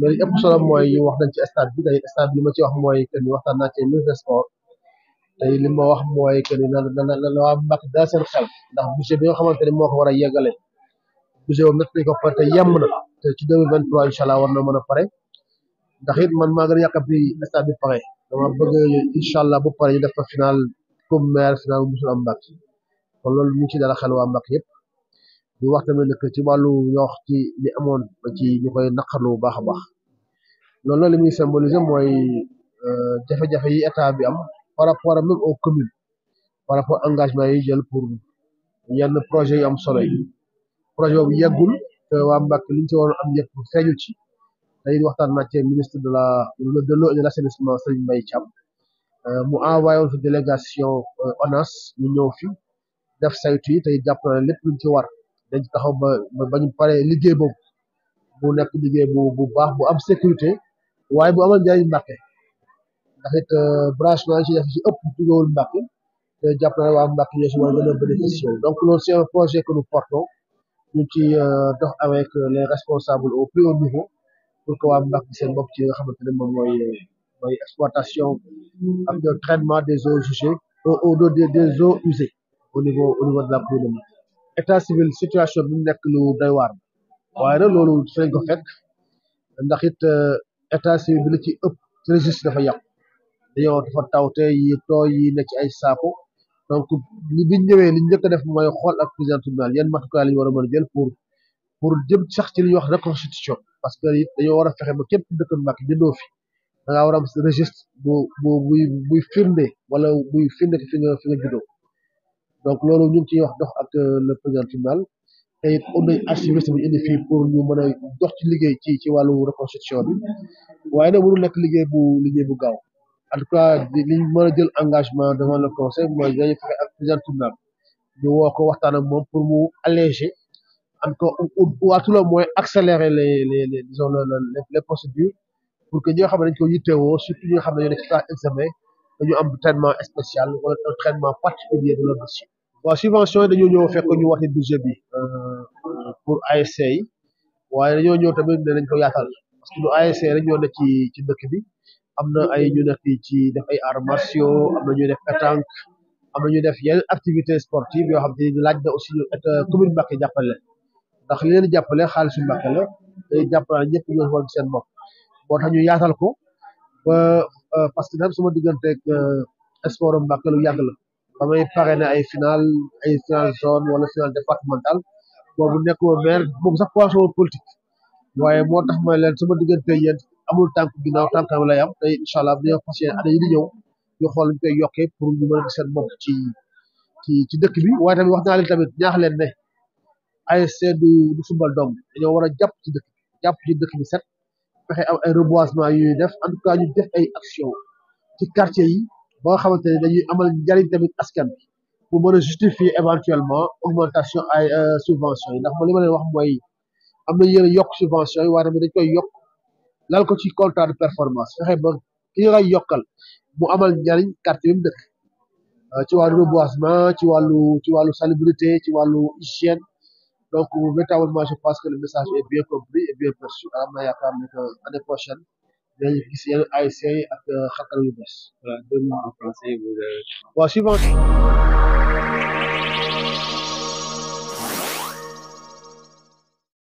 loolu ëpp solo mooy wax nañ ci stade bi tey stade bi ma ci wax mooy que ni waxtaan naa ci ministre des sports tey li ma wax mooy que ni na na na waa Mbacké daal ndax budget bi nga xamante ni moo ko war a yeggale budget boobu nag ko pare te yemm na te ci 2023 incha allah war na mën a pare ndax it man maa gën a yàkkamti stade bi pare dama bëgg incha allah bu pare ñu def ko final coupe maire final bu musul am Mbacké kon loolu ñu ci dara xel waa Mbacké yëpp ñu waxtaan tamit nekk ci wàllu ñoox ci li amoon ba ci ñu koy naqarlu bu baax a baax loolu li muy symboliser mooy euh, jafe-jafe yi état bi am par rapport même aux communes par rapport engagement yi jël pour yenn projet yu am solo yi projet boobu yeggul te waa Mbàkke li ñu ci waroon am yëpp feeñu waxtaan naa ci ministre de la de l'eau et de l'assainissement Serigne Mbaye Thiam euh, mu envoyé woon fi délégation euh, ONAS ñu ñëw fi def saytu yi tey jàpp na lépp luñ ci war dañ taxaw ba ba ñu pare liggéey boobu bu nekk liggéey bu bu baax bu am sécurité waaye bu amal njëriñ Mbàkke ndax it euh, branchement ci def ci ëpp jugewul Mbàkke te jàpp naa waa Mbàkke ñoo si war gën a donc loolu c'est un projet que nous portons ñu ci euh, dox avec les responsables au plus haut niveau pour que waa Mbàkke seen bopp ci nga xamante ne moom mooy mooy exploitation ak le traitement des eaux usées des eaux au niveau au niveau de la commune état civil situation bi mu nekk lu doy waar waaye nag loolu dinañ ko fekk ndax it euh, état civil bi la ci ëpp registre dafa yàqu dañoo dafa tawte yi tooy yi ne ci ay saako donc li biñ ñëwee li njëkk a def mooy xool ak président tribunal yan matukaay la ñu war a mën a jël pour pour jëm sax ci li ñuy wax reconstitution parce que it war a fexe ba képp dëkk Mbàkke jëndoo fi da ngaa war a am bu buy firnde wala buy firnde fi nga fi nga juddoo donc loolu ñu ngi ciy wax dox ak euh, le président tribunal te it am nañ archiviste indi fii pour ñu mën dox ci liggéey ci ci wàllu reconstruction bi waaye nag mënul nekk liggéey bu liggéey bu gaaw en tout cas mën a jël engagement devant le conseil mooy dañu fexe ak président tribunal ñu woo ko waxtaan ak moom pour mu alléger encore ou à tout le moins accélérer les les les disons les les pour que ñi xam ne dañ ko yittewoo surtout ñi nga xam ne ñoo nekk dañu am traitement spécial wala un traitement waaw subvention yi dañoo ñëw fekk ñu wate budget bi euh, pour ASC yi waaye dañoo ñëw tamit ne nañ ko yaatal parce que du ASC rek ñoo nekk ci ci dëkk bi am na ay ñu nekk ci def ay arts martiaux am na ñu def pétanque am na ñu def yeneen activité sportive yoo xam te ni laaj na aussi euh, commune Mbacké jàppale ndax li leen jàppale xaalisu Mbacké la day jàppale ñëpp ñoo seen bopp moo tax ñu yaatal ko euh, que nag suma digganteeg sport Mbacké lu yàgg la damay parrainé ay final ay final zone wala final départemental boobu nekkuma maire boobu sax commencé woon politique waaye moo tax may leen sama diggante yéen amul tànk ginnaaw tànkam lay am tey incha allah dañoo fas yéene année yi di ñëw ñu xool ñu koy yokkee pour ñu mën a seen bopp ci ci ci dëkk bi waaye tamit wax naa leen tamit ñaax leen ne ASC du du football dong dañoo war a jàpp ci dëkk bi jàpp ci dëkk bi set fexe am ay reboisement yu ñuy def en tout cas ñu def ay action ci quartier yi ba nga xamante ne dañuy amal njariñ tamit askan bi mu mën a justifier éventuellement augmentation ay euh, subvention yi ndax ma li ma wax mooy am na yéen yokk subvention yi waaye tamit dañ koy yokk lal ko ci contrat performance fexe ba ki nga koy yokkal mu amal njariñ quartier bi mu euh, ci wàllu reboisement ci wàllu ci wàllu salubrité ci wàllu hygiène donc véritablement je pense que le message est bien compris et bien perçu am na yaakaar ne que prochaine dañu gis yenn ay seey ak euh, xatal yu bees. voilà